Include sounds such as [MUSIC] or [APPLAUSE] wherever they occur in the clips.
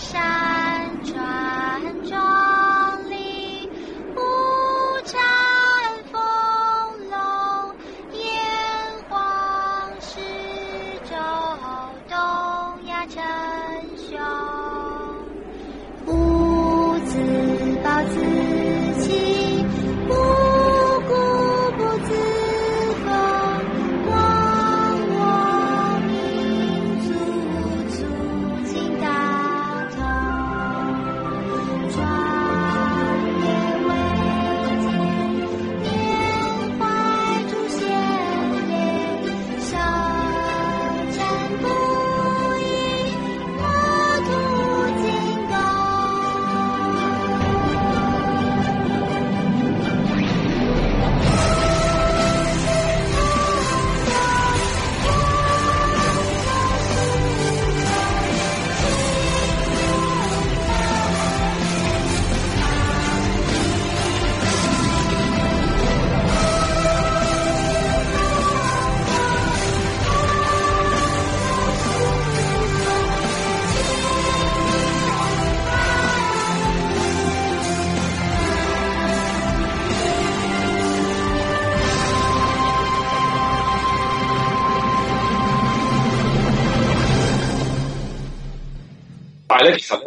沙。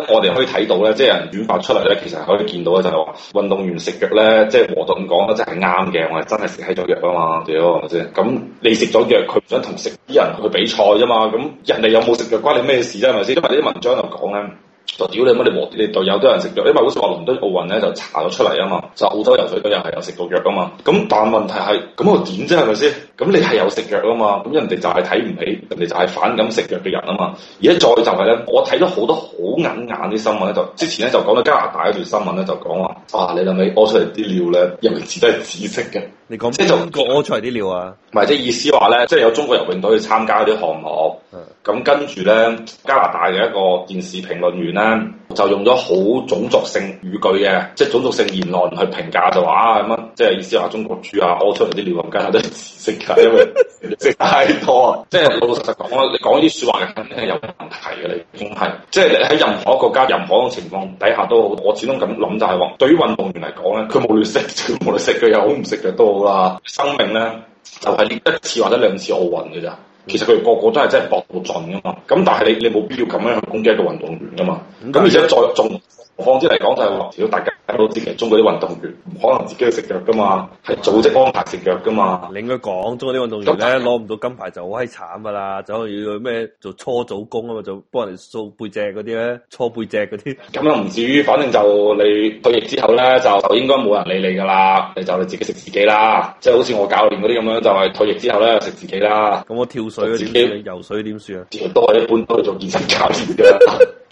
我哋可以睇到咧，即係人轉發出嚟咧，其實可以見到咧就係話運動員食藥咧，即係和頓講咧，真係啱嘅。我哋真係食起咗藥啊嘛，屌係咪先？咁你藥食咗藥，佢唔想同食啲人去比賽啫嘛？咁人哋有冇食藥關你咩事啫？係咪先？因為啲文章又講咧，就屌你乜你和你隊友都有人食藥，因為好似話倫敦奧運咧就查咗出嚟啊嘛，就澳洲游水隊又係有食到藥啊嘛。咁但問題係，咁我點啫係咪先？咁你係有食藥啊嘛？咁人哋就係睇唔起，人哋就係反感食藥嘅人啊嘛！而家再就係咧，我睇到好多好眼眼啲新聞咧，就之前咧就講到加拿大嗰段新聞咧，就講話啊，你諗唔諗屙出嚟啲尿咧，入面全部都係紫色嘅？你講即係就屙出嚟啲尿啊？唔係即係意思話咧，即係有中國游泳隊去參加嗰啲項目，咁跟住咧加拿大嘅一個電視評論員咧。就用咗好種族性語句嘅，即係種族性言論去評價就話啊咁樣，即係意思話中國豬啊，屙出嚟啲尿咁梗係都食噶，因為食太多啊！ [LAUGHS] 即係老實講啦，你講呢啲說話肯定係有問題嘅你，仲係即係喺任何一個國家任何一個情況底下都，好。我始終咁諗就係話，對於運動員嚟講咧，佢無論食，無論食，嘅又好唔食，嘅都好啦，生命咧就係、是、一次或者兩次奧運嘅咋。其實佢哋個個都係真係搏到盡噶嘛，咁但係你你冇必要咁樣去攻擊一個運動員噶嘛，咁、嗯、而且再仲況之嚟講就係話，如果大家睇到知嘅，中國啲運動員唔可能自己去食藥噶嘛，係組織安排食藥噶嘛，你應該講中國啲運動員咧攞唔到金牌就好閪慘噶啦，走去咩做搓組工啊嘛，就幫人掃背脊嗰啲咧，搓背脊嗰啲，咁又唔至於，反正就你退役之後咧就應該冇人理你噶啦，你就你自己食自己啦，即係好似我教練嗰啲咁樣就係、是、退役之後咧食自己啦，咁 [LAUGHS] 我跳。游水點算啊？都係己一般，都係做健身教練噶。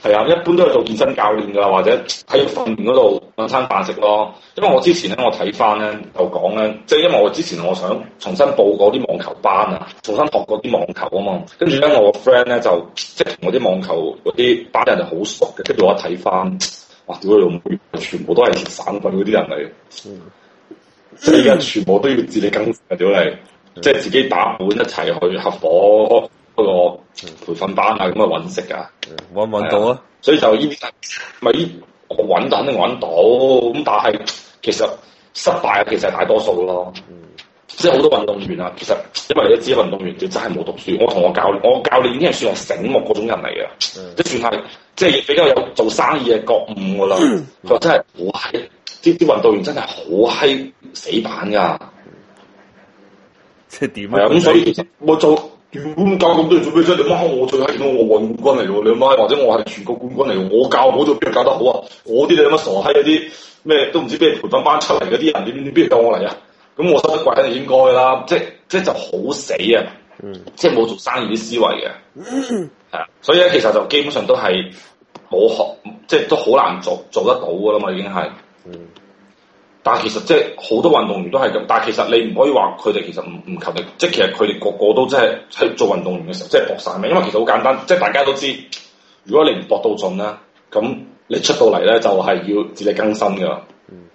係 [LAUGHS] [LAUGHS] 啊，一般都係做健身教練噶，或者喺訓練嗰度揾兩餐飯食咯。因為我之前咧，我睇翻咧就講咧，即、就、係、是、因為我之前我想重新報過啲網球班啊，重新學過啲網球啊嘛。就是、跟住咧，我個 friend 咧就即係同我啲網球嗰啲班人就好熟嘅。跟住我一睇翻，哇！屌你老母，全部都係省反份嗰啲人嚟，即係而家全部都要自己更啊！屌你。即係自己打本一齊去合伙嗰個培訓班啊，咁啊揾食啊，揾唔揾到啊？所以就呢啲，唔係呢揾肯定揾到，咁但係其實失敗啊，其實係大多數咯。嗯、即係好多運動員啊，其實因為你都知，運動員佢真係冇讀書。我同我教我教練已經係算我醒目嗰種人嚟嘅、嗯，即算係即係比較有做生意嘅覺悟噶啦。嗯嗯、佢話真係好閪，啲啲運動員真係好閪死板噶。即係點？啊、嗯，咁所以我就點教咁多嘢做咩啫？你媽我最閪奧運冠軍嚟嘅，你媽或者我係全國冠軍嚟嘅，我教好就邊教得好啊？我啲你媽傻閪嗰啲咩都唔知咩培訓班出嚟嗰啲人，點點邊教我嚟啊？咁我收得貴係應該啦，即係即係就好死啊！即係冇做生意啲思維嘅，係啊，所以咧其實就基本上都係冇學，即係都好難做做得到噶啦嘛，已經係。但係其實即係好多運動員都係咁，但係其實你唔可以話佢哋其實唔唔勤力，即係其實佢哋個個都真係喺做運動員嘅時候即係搏晒命，因為其實好簡單，即係大家都知，如果你唔搏到盡咧，咁你出到嚟咧就係、是、要自力更生噶，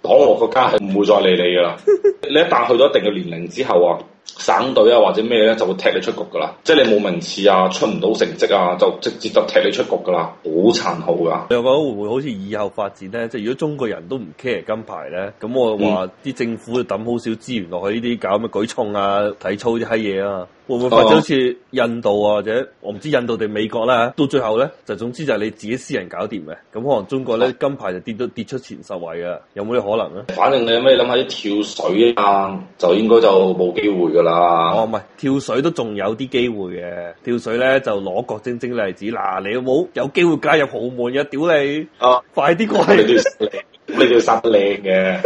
黨或國家係唔會再理你噶啦。你一旦去到一定嘅年齡之後啊。省隊啊，或者咩咧，就會踢你出局噶啦。即係你冇名次啊，出唔到成績啊，就直接就踢你出局噶啦，好殘酷噶。你又覺得會唔會好似以後發展咧？即係如果中國人都唔 care 金牌咧，咁我話啲政府就抌好少資源落去呢啲搞咩舉重啊、體操啲閪嘢啊？會唔會發咗好似印度啊，或者我唔知印度定美國啦？到最後咧，就總之就係你自己私人搞掂嘅。咁可能中國咧、啊、金牌就跌到跌出前十位啊？有冇啲可能咧？反正你咩諗下啲跳水啊，就應該就冇機會噶啦。哦、啊，唔係跳水都仲有啲機會嘅。跳水咧就攞郭晶晶例子嗱、啊，你有冇有機會加入豪門嘅，屌你！啊，啊，快啲過嚟！ [LAUGHS] 你條殺你嘅，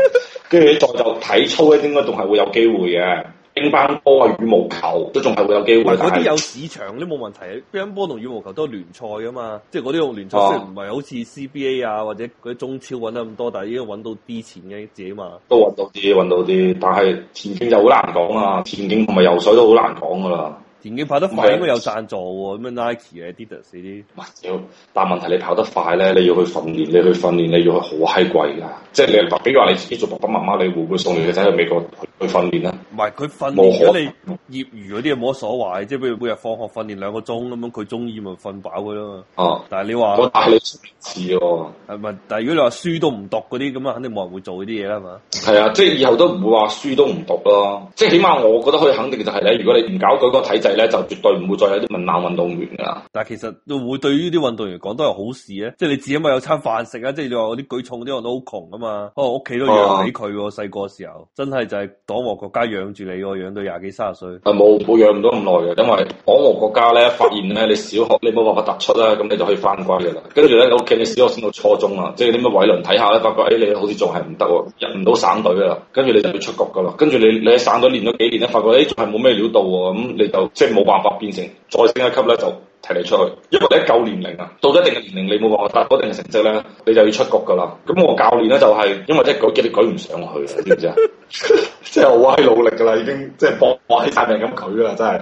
跟住你再就體操咧，應該仲係會有機會嘅。乒乓波啊，羽毛球都仲係會有機會。嗰啲有市場都冇問題，乒乓、嗯、波同羽毛球都係聯賽噶嘛，即係嗰啲聯賽雖然唔係好似 CBA 啊或者啲中超搵得咁多，但係已經搵到啲錢嘅，自己嘛。都搵到啲，搵到啲，但係田徑就好難講啊，田徑同埋游水都好難講噶啦田徑跑得快，因為是有贊助喎。咁樣 Nike 啊，Adidas 啲。唔係，但問題你跑得快咧，你要去訓練，你要去訓練你要去好閪貴噶。即係你，比如話你自己做爸爸媽媽，你會唔會送你個仔去美國去訓練啊？唔係佢訓練冇可能，我哋。業餘嗰啲又冇乜所謂，即係譬如每日放學訓練兩個鐘咁樣，佢中意咪瞓飽佢咯。哦，但係你話我帶你識字喎，係咪？但係如果你話書都唔讀嗰啲咁啊，肯定冇人會做呢啲嘢啊嘛。係啊，即係以後都唔會話書都唔讀咯。即係起碼我覺得可以肯定就係、是、咧，如果你唔搞佢個體制咧，就絕對唔會再有啲文盲運動員㗎。但係其實會對於啲運動員講都係好事呢有啊，即係你自己咪有餐飯食啊！即係你話嗰啲舉重嗰啲我都好窮啊嘛，哦屋企都養唔起佢喎，細個、啊、時候真係就係黨和國家養住你喎，養到廿幾卅歲。係冇，保養唔到咁耐嘅，因為港澳國家咧，發現咧你小學你冇辦法突出啦，咁你就可以翻歸噶啦。跟住咧，OK 你小學升到初中啦，即係啲乜委輪睇下咧，發覺誒、哎、你好似仲係唔得喎，入唔到省隊噶啦，跟住你就要出局噶啦，跟住你你喺省隊練咗幾年咧，發覺誒仲係冇咩料到喎，咁你就即係冇辦法變成再升一級咧就。提你出去，因為你一舊年齡啊，到咗一定嘅年齡，你冇辦法達到一定嘅成績咧，你就要出局噶啦。咁我教練咧就係、是，因為即係舉極，你舉唔上去，知唔知啊？ [LAUGHS] [LAUGHS] 即係我係努力噶啦，已經即係搏，我喺拼命咁舉啦，真係，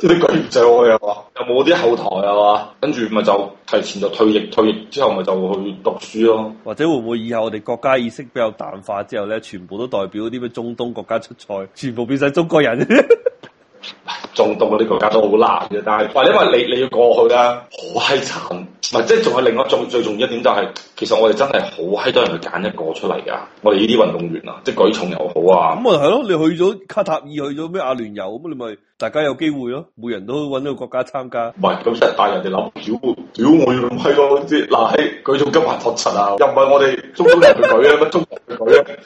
即係你舉唔上去啊！ [LAUGHS] 又冇啲後台啊嘛，跟住咪就提前就退役，退役之後咪就去讀書咯。或者會唔會以後我哋國家意識比較淡化之後咧，全部都代表啲咩中東國家出賽，全部變晒中國人？ [LAUGHS] [LAUGHS] 中東嗰啲國家都好難嘅，但係，或因為你你要過去啦，好閪慘。唔即係仲有另外仲最重要一點就係、是，其實我哋真係好閪多人去揀一個出嚟噶。我哋呢啲運動員啊，即係舉重又好啊。咁咪係咯，你去咗卡塔爾，去咗咩阿聯酋咁，你咪、就是。大家有機會咯、哦，每人都揾到國家參加。唔係咁，成日帶人哋諗屌屌我咁閪多啲。嗱、啊，佢仲今日托陳啊，又唔係我哋中東人去舉、 [LAUGHS] 那個、啊，乜中東人去舉啊，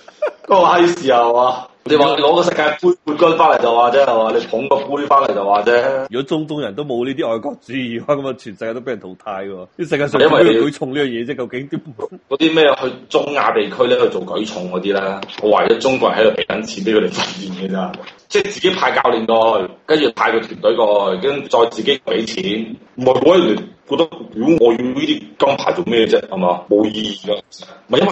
咁閪時候啊嘛？你話攞個世界杯冠軍翻嚟就話啫係嘛？你捧個杯翻嚟就話啫。如果中東人都冇呢啲愛國主義，咁啊全世界都俾人淘汰嘅。呢世界上因為要舉重呢樣嘢啫，究竟啲咩為 [LAUGHS] 去中亞地區咧去做舉重嗰啲咧？我懷疑中國人喺度俾緊錢俾佢哋訓練嘅咋，即係自己派教練過去。跟住派個團隊過去，跟住再自己俾錢，唔係我覺得，如果我要呢啲金牌做咩啫？係嘛，冇意義㗎，唔係因為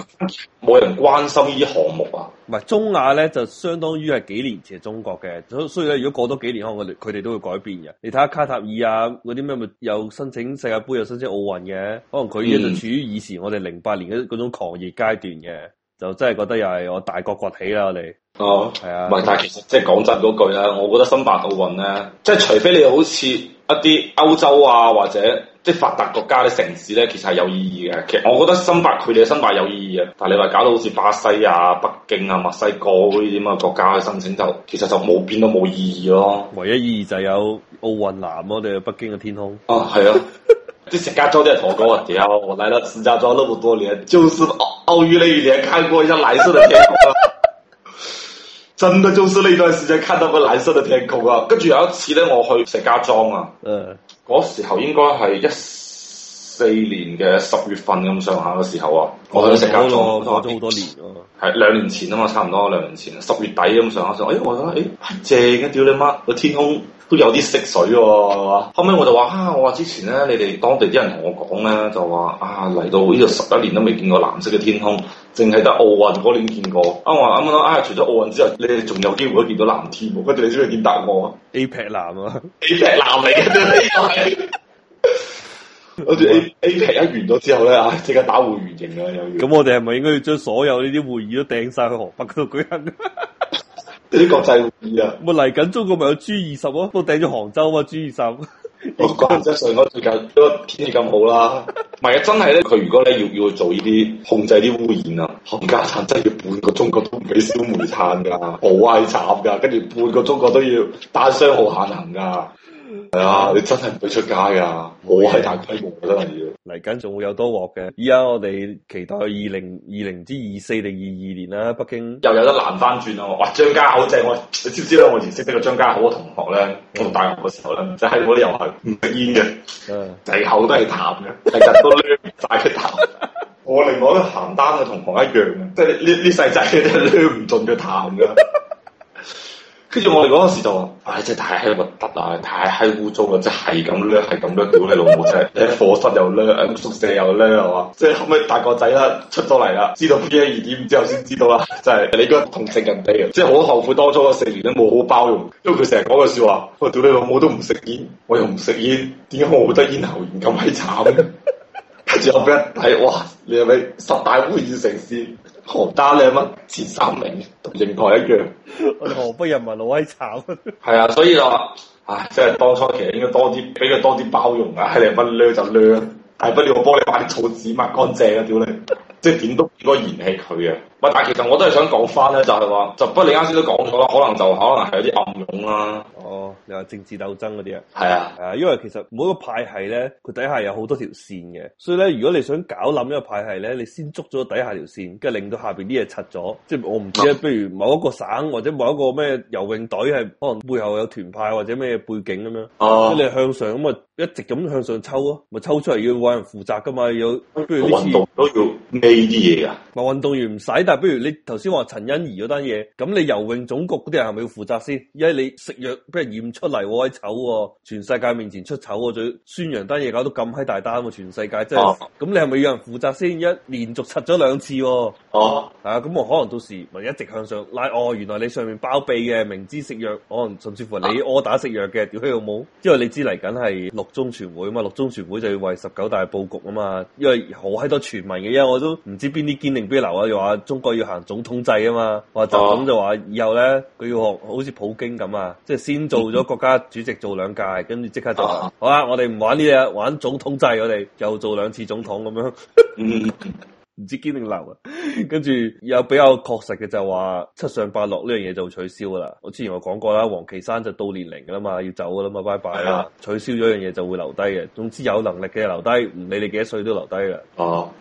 冇人關心項呢啲項目啊。唔係中亞咧，就相當於係幾年前係中國嘅，所所以咧，如果過多幾年可能佢哋都會改變嘅。你睇下卡塔爾啊，嗰啲咩咪又申請世界盃，又申請奧運嘅，可能佢咧、嗯、就處於以前我哋零八年嗰嗰種狂熱階段嘅。就真係覺得又係我大國崛起啦！我哋哦，係啊，唔係但係其實即係講真嗰句啦，我覺得申辦奧運咧，即係除非你好似一啲歐洲啊或者即係發達國家嘅城市咧，其實係有意義嘅。其實我覺得申辦佢哋嘅申辦有意義嘅，但係你話搞到好似巴西啊、北京啊、墨西哥嗰啲咁嘅國家去申請，就其實就冇變到冇意義咯。唯一意義就係有奧運藍咯，定係北京嘅天空哦，係啊，即石家莊真係好高啊！我我嚟到石家莊好多年，就是奧運那一年，看過一下藍色的天空啊，真的就是那段時間看到個藍色的天空啊，跟住有一次咧，我去石家莊啊，嗯，嗰時候應該係一四年嘅十月份咁上下嘅時候啊，哦、我去食格桑，差咗好多年咯。係兩年前啊嘛，差唔多兩年前，十月底咁上下，我想，咦、哎，我覺得，誒、哎，正啊！屌你媽，個天空都有啲色水喎、啊。嗯、後尾我就話，啊，我話之前咧，你哋當地啲人同我講咧，就話啊，嚟到呢度十一年都未見過藍色嘅天空，淨係得奧運嗰年見過。我話啱啱啊？除咗奧運之後，你哋仲有機會見到藍天？跟住你知佢點答我啊？APEC 藍啊 [LAUGHS] ！APEC 藍嚟嘅 [LAUGHS] [LAUGHS] [LAUGHS] [NOISE] 我好似 A A 期一完咗之後咧，啊，即刻打回原形啦！又咁，我哋係咪應該要將所有呢啲會議都掟晒去河北嗰度舉行？啲國際會議啊，咪嚟緊中國咪有 G 二十咯？都掟咗杭州嘛？G 二十，我講唔上海最近都天氣咁好啦。唔係啊，真係咧，佢如果咧要要做呢啲控制啲污染啊，冚家鏟真要半個中國都唔俾燒煤炭噶，好閪慘噶，跟住半個中國都要單雙號限行噶。係啊，你真係唔會出街噶，我喺大規模啊，真係要嚟緊，仲會有多鑊嘅？依家我哋期待二零二零至二四定二二年啦，北京又有得難翻轉啊。哇，張家口正，我你知唔知咧？我以前識得個張家口嘅同學咧，我讀大學嘅時候咧，就喺嗰啲又係唔食煙嘅，鼻口 [LAUGHS] 都係淡嘅，成日 [LAUGHS] 都攣晒出痰。 [LAUGHS] 我另外都行單嘅同學一樣嘅，即係呢呢細仔都攣唔盡佢痰噶。跟住我哋嗰陣時就話：唉、哎！真係太閪核突啦，太閪污糟啦，真係咁叻，係咁孭屌你老母！真係喺課室又叻，喺宿舍又叻，係嘛？即係後尾大個仔啦，出咗嚟啦，知道 B12 點之後先知道啦，就係、是、你覺得同成人哋，啊！即係好後悔當初嗰食完都冇好包容，因為佢成日講句笑話：我屌你老母都唔食煙，我又唔食煙，點解 [LAUGHS] 我得煙喉炎咁鬼慘咧？跟住我俾一睇，哇！你係咪十大污染城市？何家你乜前三名，同邢台一樣？我哋河北人民老閪慘。係啊，所以就話，唉、哎，即係當初其實應該多啲，俾佢多啲包容啊！你乜孭就孭，啊，大 [LAUGHS] 不了我幫你買啲草紙抹乾淨啊！屌你！即係點都應該嫌棄佢啊。唔但係其實我都係想講翻咧，就係話，就不過你啱先都講咗啦，可能就可能係有啲暗湧啦。哦，你話政治鬥爭嗰啲啊？係啊，係啊，因為其實每一個派系咧，佢底下有好多條線嘅，所以咧，如果你想搞冧一個派系咧，你先捉咗底下條線，跟住令到下邊啲嘢拆咗，即係我唔知啊。譬如某一個省或者某一個咩游泳隊係可能背後有團派或者咩背景咁樣，哦、啊，你向上咁啊，一直咁向上抽咯，咪抽出嚟要揾人負責㗎嘛，要跟住呢次運動都要呢啲嘢啊，運動員唔使，但係不如你頭先話陳欣怡嗰單嘢，咁你游泳總局嗰啲人係咪要負責先？因為你食藥俾人驗出嚟，醜、哦，全世界面前出醜，最宣揚單嘢搞到咁閪大單，全世界真係，咁、就是啊、你係咪要有人負責先？一連續食咗兩次，哦，係啊，咁、啊、我可能到時咪一直向上拉哦，原來你上面包庇嘅，明知食藥，可能甚至乎你屙打食藥嘅屌閪有冇？啊、因為你知嚟緊係六中全會啊嘛，六中全會就要為十九大布局啊嘛，因為好閪多傳聞嘅，因為我都。唔知邊啲堅定邊留啊！又話中國要行總統制啊嘛，話就咁就話以後咧，佢要學好似普京咁啊，即係先做咗國家主席做兩屆，跟住即刻就。 [LAUGHS] 好啦、啊！我哋唔玩呢隻，玩總統制我，我哋又做兩次總統咁樣，唔 [LAUGHS] [LAUGHS] 知堅定留啊！跟住有比較確實嘅就話七上八落呢樣嘢就取消啦。我之前話講過啦，王岐山就到年齡噶啦嘛，要走噶啦嘛，拜拜啦、啊！取消咗樣嘢就會留低嘅。總之有能力嘅留低，唔理你幾多歲都留低嘅。哦。 [LAUGHS] [LAUGHS]